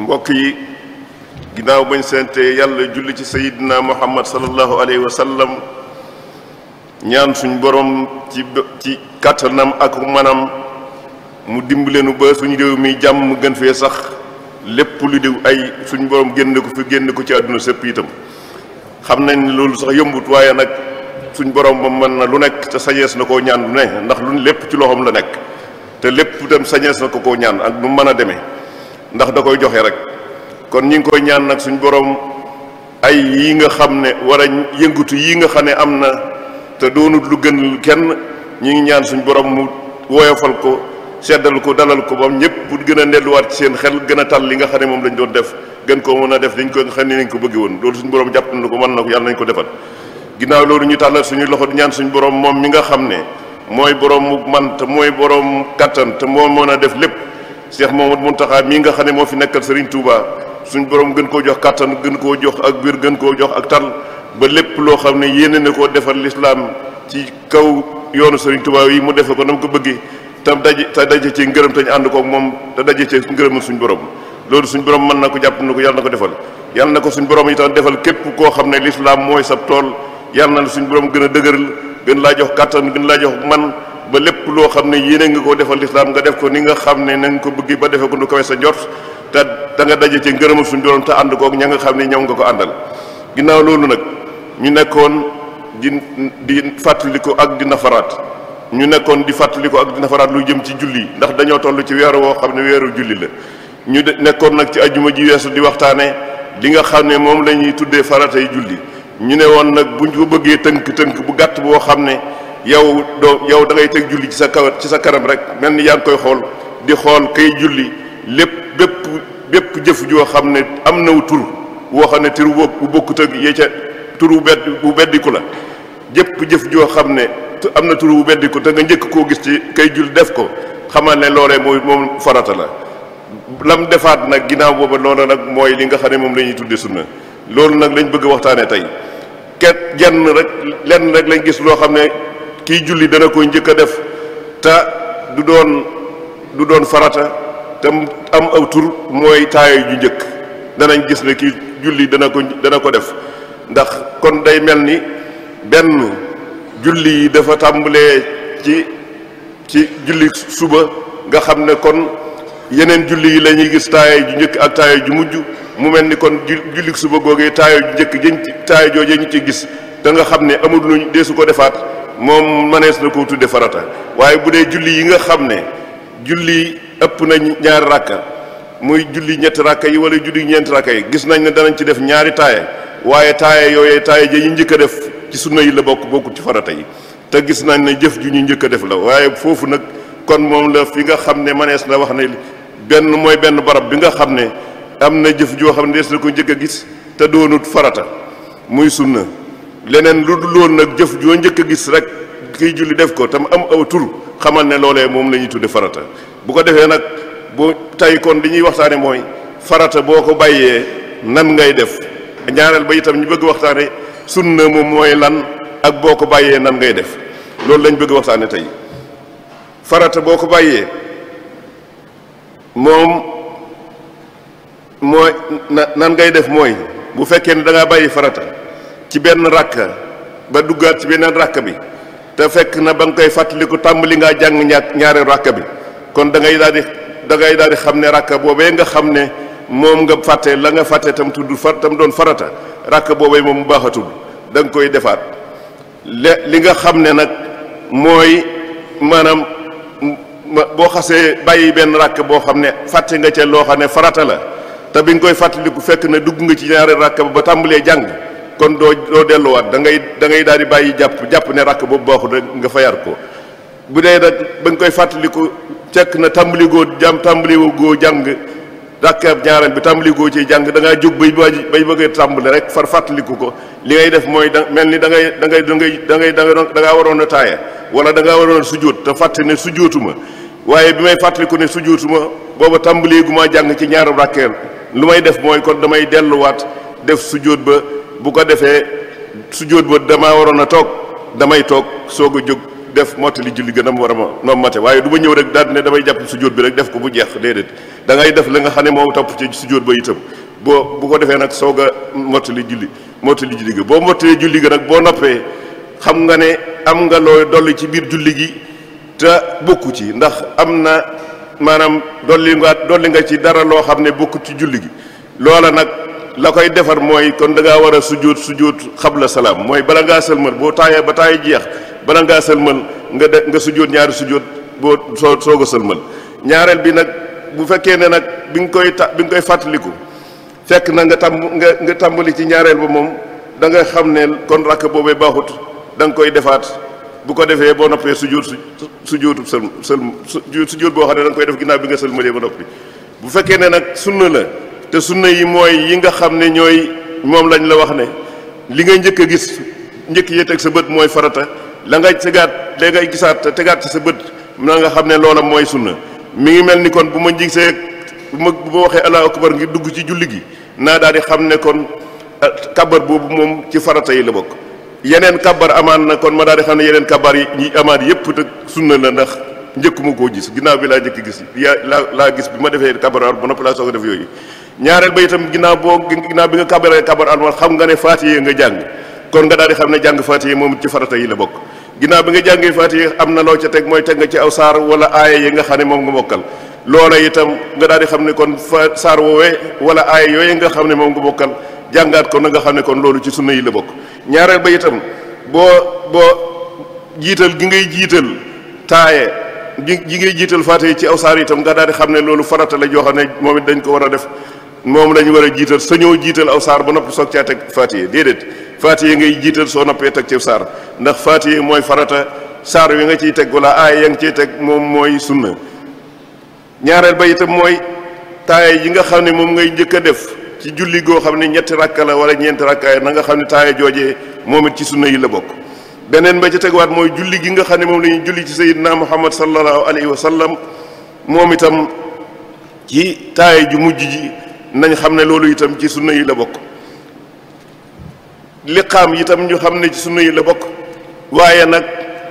mbokk yi ginnaaw bañ sante yàlla julli ci sayidina muhammad sallallahu alayhi wa sallam ñaan suñ borom ci kàttanam ak manam mu leenu ba suñu réew mi jàmm gën fee sax lépp lu diw ay suñ borom génn ko fi génn ko ci àdduna sépp itam xam nañ ne loolu sax yëmbut waaye nag suñ borom moom mën na lu nekk te sañees na koo ñaan lu ne ndax lu lépp ci loxoom la nekk te lépp itam sañees na ko koo ñaan ak nu mën a demee ndax da koy joxe rek kon ñu ngi koy ñaan nag suñu borom ay yi nga xam ne war a yëngatu yi nga xam ne am na te doonut lu gën kenn ñu ngi ñaan suñu borom mu woyofal ko seddal ko dalal ko bam ñëpp pour gën a delluwaat ci seen xel gën a tal li nga xam ne moom lañ doon def gën koo mën a def dañ ko xam ne nañ ko bëgge woon loolu suñu borom jàpp ko mën na ko yàlla ko defal ginnaaw loolu ñu tàllal suñu loxo di ñaan suñu borom moom mi nga xam ne mooy borom mu man te mooy borom kattan te moo mën a def lépp Cheikh Mamadou taxaa mii nga xam ne moo fi nekkal Serigne Touba suñ borom gën koo jox kàttan gën koo jox ak biir gën koo jox ak tal ba lépp loo xam ne yéene ne koo defal lislaam ci kaw yoonu Serigne Touba yi mu defe ko na mu ko bëggee te daje te daje ci ngërëm te ñu ànd koog moom te daje ci ngërëm suñu borom loolu suñ borom mën na ko jàpp na ko yàlla na ko defal yàlla na ko suñu borom yi itam defal képp koo xam ne lislaam mooy sab tool yàlla na suñ borom gën a dëgëral gën laa jox kàttan gën laa jox man ba lépp loo xam ne yéene nga ko defal lislaam nga def ko ni nga xam ne na nga ko bëgg ba defee ko nu kawe sa jot te da nga daje ci ngërëmal suñu borom te ànd koog ña nga xam ne ñoom nga ko àndal ginnaaw loolu nag ñu nekkoon di di fàttaliku ak di nafaraat ñu nekkoon di fàttaliku ak di nafaraat lu jëm ci julli ndax dañoo toll ci weeru woo xam ne weeru julli la ñu nekkoon nag ci ajuma ji weesu di waxtaane li nga xam ne moom la ñuy tuddee faratay julli ñu ne woon nag buñ ko bëggee tënk tënk bu gàtt boo xam ne yow doo yow dangay teg julli ci sa kaw ci sa kanam rek mel ni yaa ngi koy xool di xool kay julli lépp bépp bépp jëf joo xam ne am na tur woo xam ne tur bokkut ak yee ca tur bu bedd beddiku la jëpp jëf joo xam ne am na tur wu beddiku te nga njëkk koo gis ci kay julli def ko xamal ne loolee mooy moom farata la lam defaat nag ginnaaw booba loola nag mooy li nga xam ne moom lañuy ñuy tuddee loolu nag lañ bëgg waxtaanee tey kenn jenn rek lenn rek lañ gis loo xam ne kiy julli dana koy njëkk a def ta du doon du doon farata te am aw tur mooy taayo ju njëkk danañ gis ne kii julli dana ko dana ko def ndax kon day mel ni benn julli yi dafa tàmbalee ci ci julli suba nga xam ne kon yeneen julli yi la ñuy gis taayo ju njëkk ak taayo ju mujj mu mel ni kon julli suba googee taayo ju njëkk jën taayo jooje ñu ci gis da nga xam ne amul lu deesu ko defaat moom mënees na koo tudde farata waaye bu dee julli yi nga xam ne julli ëpp na ñaari rakka muy julli ñetti rakka yi wala julli ñeenti rakka yi gis nañ ne danañ ci def ñaari taaye waaye taaye yooyee taaye ja ñu njëkk a def ci sunna yi la bokk bokkut ci farata yi te gis nañ ne jëf ju ñu njëkk a def waaye foofu nag kon moom la fi nga xam ne mënees na wax ne benn mooy benn barab bi nga xam ne am na jëf joo xam ne des na ko njëkk a gis te doonut farata muy sunna leneen lu dul loolu nag jëf joo njëkk a gis rek kiy julli def ko tam am aw tur xamal ne loolee moom la ñuy tudde farata bu ko defee nag bu tey kon li ñuy waxtaane mooy farata boo ko bàyyee nan ngay def ñaareel ba itam ñu bëgg waxtaane sunna moom mooy lan ak boo ko bàyyee nan ngay def loolu lañ bëgg waxtaane tey farata boo ko bàyyee moom mooy nan ngay def mooy bu fekkee ne dangaa bàyyi farata ci benn rakk ba duggaat ci beneen rakk bi te fekk na ba nga koy fàttaliku tàmbali ngaa jàng ñaar ñaari rakk bi kon da ngay daal di da ngay daal di xam ne rakk boobee nga xam ne moom nga fàtte la nga fàtte tam tudd far tam doon farata rakk boobee moom mu baax a tudd da nga koy defaat le li nga xam ne nag mooy maanaam boo xasee bàyyi benn rakk boo xam ne fàtte nga cee loo xam ne farata la te bi nga koy fàttaliku fekk na dugg nga ci ñaari rakk ba tàmbalee jàng kon doo doo delluwaat da ngay da daal di bàyyi jàpp jàpp ne rakk boobu boo baaxul rek nga fayar ko bu dee nag ba nga koy fàttaliku cekk na tàmbali goo jàm tàmbali goo jàng rakkaab bi tàmbali goo ciy jàng da ngaa jóg bay bay bëgg a tàmbali rek far fàttaliku ko li ngay def mooy da mel ni da ngay da ngay da dangay da ngay da ngaa waroon a taaya wala da ngaa waroon a sujjóot te fàtte ne sujjóotuma waaye bi fàttaliku ne sujjóotuma booba tàmbali gu maa jàng ci ñaaru rakkeer lu may def mooy kon damay delluwaat def sujjóot ba bu ko defee sujjóot ba damaa waroon a toog damay toog soog a jóg def mottali julli gën a war a ma noom mate waaye du ma ñëw rek daal ne damay jàpp sujjóot bi rek def ko bu jeex déedéet da ngay def la nga xam ne moom topp ci sujjóot ba itam boo bu ko defee nag soog a mottali julli mottali julli ga boo mottalee julli nag boo noppee xam nga ne am nga looy dolli ci biir julli gi te bokku ci ndax am na maanaam dolli nga dolli nga ci dara loo xam ne bokku ci julli gi loola nag la koy defar mooy kon da war a sujjóot sujjóot xabla salaam mooy bala ngaa sëlmal boo taayee ba taay jeex bala ngaa sëlmal nga de nga sujjóot ñaari sujjóot boo soo soog a sëlmal ñaareel bi nag bu fekkee ne nag bi nga koy ta bi nga koy fàttaliku fekk na nga tàmb nga nga tàmbali ci ñaareel ba moom da nga xam ne kon rakk boobee baaxut da nga koy defaat bu ko defee boo noppee sujjóot su sujjóotu sël sël sujjóot boo xam ne da koy def ginnaaw bi nga sëlmalee ba noppi bu fekkee ne nag sunna la te sunna yi mooy yi nga xam ne ñooy moom lañ la wax ne li nga njëkk a gis njëkk yee teg sa bët mooy farata la ngay tegaat la ngay gisaat te tegaat sa bët na nga xam ne loola mooy sunna mi ngi mel ni kon bu ma gisee bu ma bu ma waxee allahu akbar ngir dugg ci julli gi naa daal di xam ne kon ah, kabar boobu moom ci farata yi la bokk yeneen kabar amaan na kon ma daal di xam ne yeneen kabar yi ñi amaat yëpp te sunna la ndax njëkkuma koo gis ginnaaw bi laa njëkk gis yaa laa laa gis bi ma defee kabar ba noppi laa soog yooyu ñaareel ba itam ginnaaw boo ginnaaw bi nga kabaree kabar almal xam nga ne faatiye nga jàng kon nga daal di xam ne jàng yi moom ci farata yi la bokk ginnaaw bi nga jàngee faatiye am na ca teg mooy teg nga ci aw saar wala aaya yi nga xam ne moom nga mokkal loola itam nga daal di xam ne kon fa saar wala aaya yooyu nga xam ne moom nga mokkal jàngaat ko na nga xam ne kon loolu ci sunna yi la bokk ñaareel ba itam boo boo jiital gi ngay jiital taaye gi gi ngay jiital faatiye ci aw saar itam nga daal di xam ne loolu farata la joo xam ne moom it dañ ko war a def moom lañu war a jiital sañoo jiital aw saar ba noppi soog caa teg faatiye déedéet faatiye ngay jiital soo noppee teg ci saar ndax faatiye mooy farata saar wi nga ciy teg wala aaya ya ngi ciy teg moom mooy sunna ñaareel ba itam mooy taaya yi nga xam ne moom ngay njëkk def ci julli goo xam ne ñetti rakka la wala ñeenti rakkaay na nga xam ne taaya joojee moom ci sunna yi la bokk beneen ba ci tegawaat mooy julli gi nga xam ne moom la ñuy julli ci sayyidina muhammad sallallahu alayhi wa sallam moom itam ci taaya ju mujj ji nañ xam ne loolu itam ci sunna yi la bokk liqaam itam ñu xam ne ci sunna yi la bokk waaye nag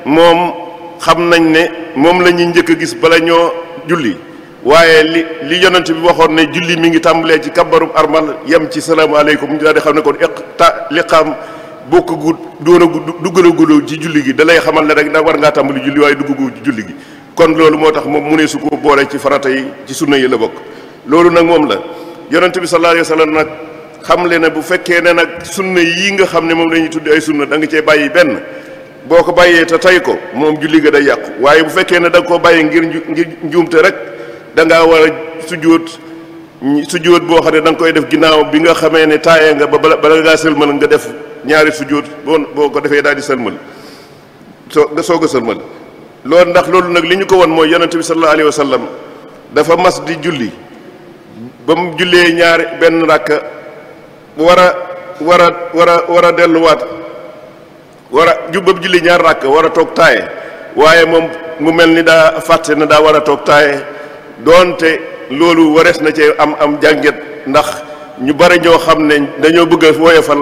moom xam nañ ne moom la ñuy njëkk a gis bala ñoo julli waaye li li yonent bi waxoon ne julli mi ngi tàmbalee ci kabarub armal yem ci salaamaaleykum daal di xam ne kon ta liqaam bokk gu doon a duggalagudoo ci julli gi da lay xamal ne rek da war ngaa tàmbali julli waaye duggagu ci julli gi kon loolu moo tax moom mu ne su ko boole ci farata yi ci sunna yi la bokk loolu nag moom la yonent bi sallallahu alayhi wa sallam nag xam le ne bu fekkee ne nag sunna yii nga xam ne moom la ñuy tuddi ay sunna da nga cee bàyyi benn boo ko bàyyee te tay ko moom julli ga day yàqu waaye bu fekkee ne da nga koo bàyyi ngir ngir njuumte rek da ngaa war a sujjóot sujjóot boo xam ne da nga koy def ginnaaw bi nga xamee ne taayee nga ba bala ngaa sëlmal nga def ñaari sujjóot boo boo ko defee daal di sëlmal soo nga soog a sëlmal loolu ndax loolu nag li ñu ko won mooy yonent bi sallallahu alayhi wa sallam dafa mas di julli ba mu jullee ñaari benn ràkk war a war a a war a delluwaat war a ju ba mu jullee ñaari ràkk war a toog taaye waaye moom mu mel ni daa fàtte na daa war a toog taaye doonte loolu warees na cee am am jànget ndax ñu bare ñoo xam ne dañoo bëgg a woyofal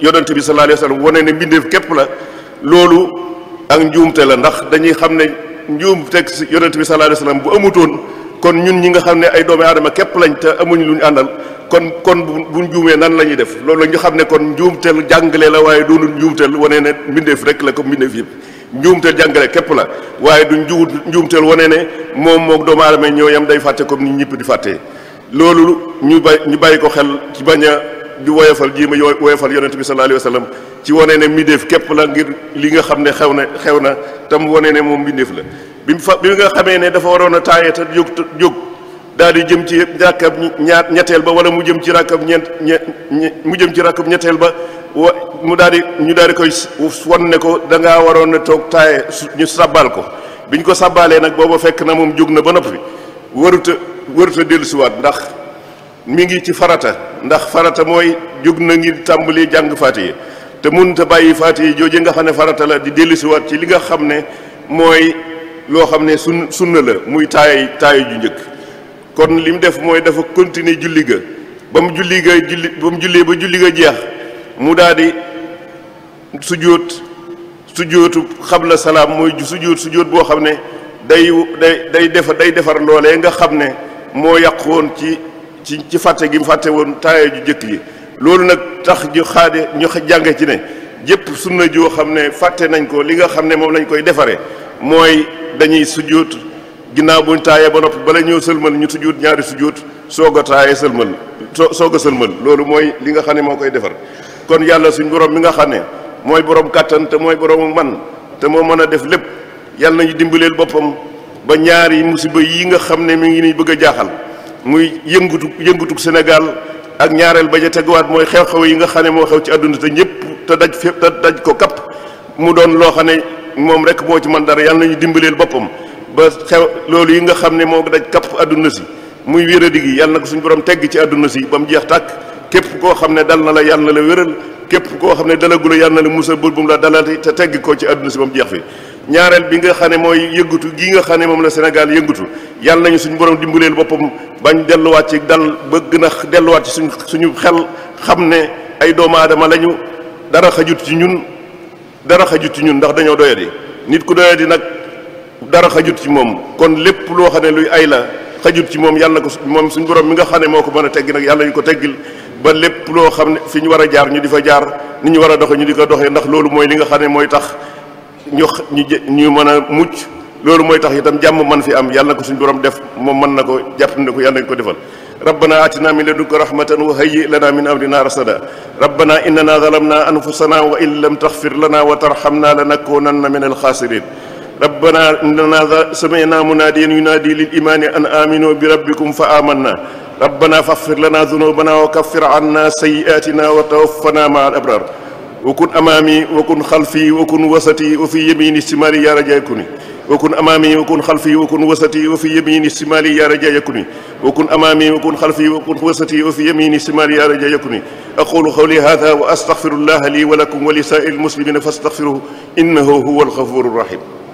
yonent bi sallallahu alayhi wa sallam ne mbindeef képp la loolu ak njuumte la ndax dañuy xam ne njuum teg yonent bi sallallahu alayhi wa bu amutoon kon ñun ñi nga xam ne ay doomi aadama képp lañ te amuñu lu ñu àndal kon kon buñ juumee nan la ñuy def loolu la ñu xam ne kon njuumteel jàngale la waaye doonul njuumteel wane ne mbindeef rek la ko mbindeef yëpp njuumteel jàngale képp la waaye du njuut njuumteel wane ne moom moog doomu aadama ñoo yam day fàtte comme ni ñëpp di fàttee loolu ñu bay ñu bàyyi ko xel ci bañ a di woyofal jii ma woyofal yonente bi sallallahu alayhi wa sallam ci wane ne mbindeef képp la ngir li nga xam ne xew na xew na tam wane ne moom mbindeef la bi mu fa bi nga xamee ne dafa waroon a taaye te jóg jóg daal di jëm ci ràkkab ñaar ñetteel ba wala mu jëm ci ràkkab ñeent mu jëm ci ñetteel ba wa mu daal di ñu daal di koy wan ne ko da waroon a toog taaye ñu sàbbaal ko bi ñu ko sàbbaalee nag booba fekk na moom jóg na ba noppi waruta waruta dellusiwaat ndax mi ngi ci farata ndax farata mooy jóg na ngir tàmbali jàng faatiye te mënut a bàyyi faatiye jooje nga xam ne farata la di dellusiwaat ci li nga xam ne mooy. loo xam ne sun sunna la muy taay taay ju njëkk kon li mu def mooy dafa continuer julli ga ba mu julli ga julli ba mu jullee ba julli ga jeex mu daal di sujjóot sujjóotu la salaam mooy sujjóot sujjóot boo xam ne day day day defar day defar loolee nga xam ne moo yàq woon ci ci ci fàtte gi mu fàtte woon taaya ju jëkk yi loolu nag tax ñu xaade ñu jànge ci ne jëpp sunna joo xam ne fàtte nañ ko li nga xam ne moom lañ koy defaree mooy dañuy sujjuut ginnaaw buñ taayee ba noppi bala ñëw sëlmal ñu sujjuut ñaari sujjuut soog a taayee sëlmal soo soog a sëlmal loolu mooy li nga xam ne moo koy defar kon yàlla suñ borom mi nga xam ne mooy borom kàttan mooy borom man te moo mën a def lépp yàlla nañu dimbaleel boppam ba ñaari musiba yi nga xam ne mi ngi ni bëgg a jaaxal muy yëngutu yëngutuk Sénégal ak ñaareel ba ja teguwaat mooy xew-xew yi nga xam ne moo xew ci àdduna te ñëpp te daj fépp daj ko kapp mu doon loo ne moom rek moo ci man dara yàlla ñu dimbaleel boppam ba xew loolu yi nga xam ne moo daj kapp àdduna si muy wéradi gi yàlla na ko suñu borom tegg ci àdduna si ba mu jeex tàkk képp koo xam ne dal na la yàlla na la wéral képp koo xam ne dalagula yàlla na la musal bu mu la dalati te tegg koo ci àdduna si ba mu jeex fi ñaareel bi nga xam ne mooy yëngatu gii nga xam ne moom la senegal yëngatu yàlla nañu suñu borom dimbaleel boppam bañ delluwaat ci dal bëgg gën delluwaat ci suñ suñu xel xam ne ay doomu aadama lañu dara xajut ci ñun dara xajut ci ñun ndax dañoo doyadi nit ku doyadi nag dara xajut ci moom kon lépp loo xam ne luy ay la xajut ci moom yàlla na ko moom suñu borom mi nga xam ne moo ko mën a tegg nag yàlla ñu ko teggil ba lépp loo xam ne fi ñu war a jaar ñu di fa jaar ni ñu war a doxe ñu di ko doxee ndax loolu mooy li nga xam ne mooy tax ñu ñu mën a mucc loolu mooy tax itam jàmm man fi am yàlla ko suñ borom def moom mën na ko jàpp na ko yàlla nañ ko defal ربنا آتنا من لدنك رحمة وهيئ لنا من أمرنا رشدا ربنا إننا ظلمنا أنفسنا وإن لم تغفر لنا وترحمنا لنكونن من الخاسرين ربنا إننا سمعنا مناديا ينادي للإيمان أن آمنوا بربكم فآمنا ربنا فاغفر لنا ذنوبنا وكفر عنا سيئاتنا وتوفنا مع الأبرار وكن أمامي وكن خلفي وكن وسطي وفي يميني الشمال يا رجاء كوني وكن أمامي وكن خلفي وكن وسطي وفي يميني شمالي يا رجاء يكني وكن أمامي وكن خلفي وكن وسطي وفي يميني شمالي يا رجاء يكني أقول قولي هذا وأستغفر الله لي ولكم ولسائر المسلمين فاستغفروه إنه هو الغفور الرحيم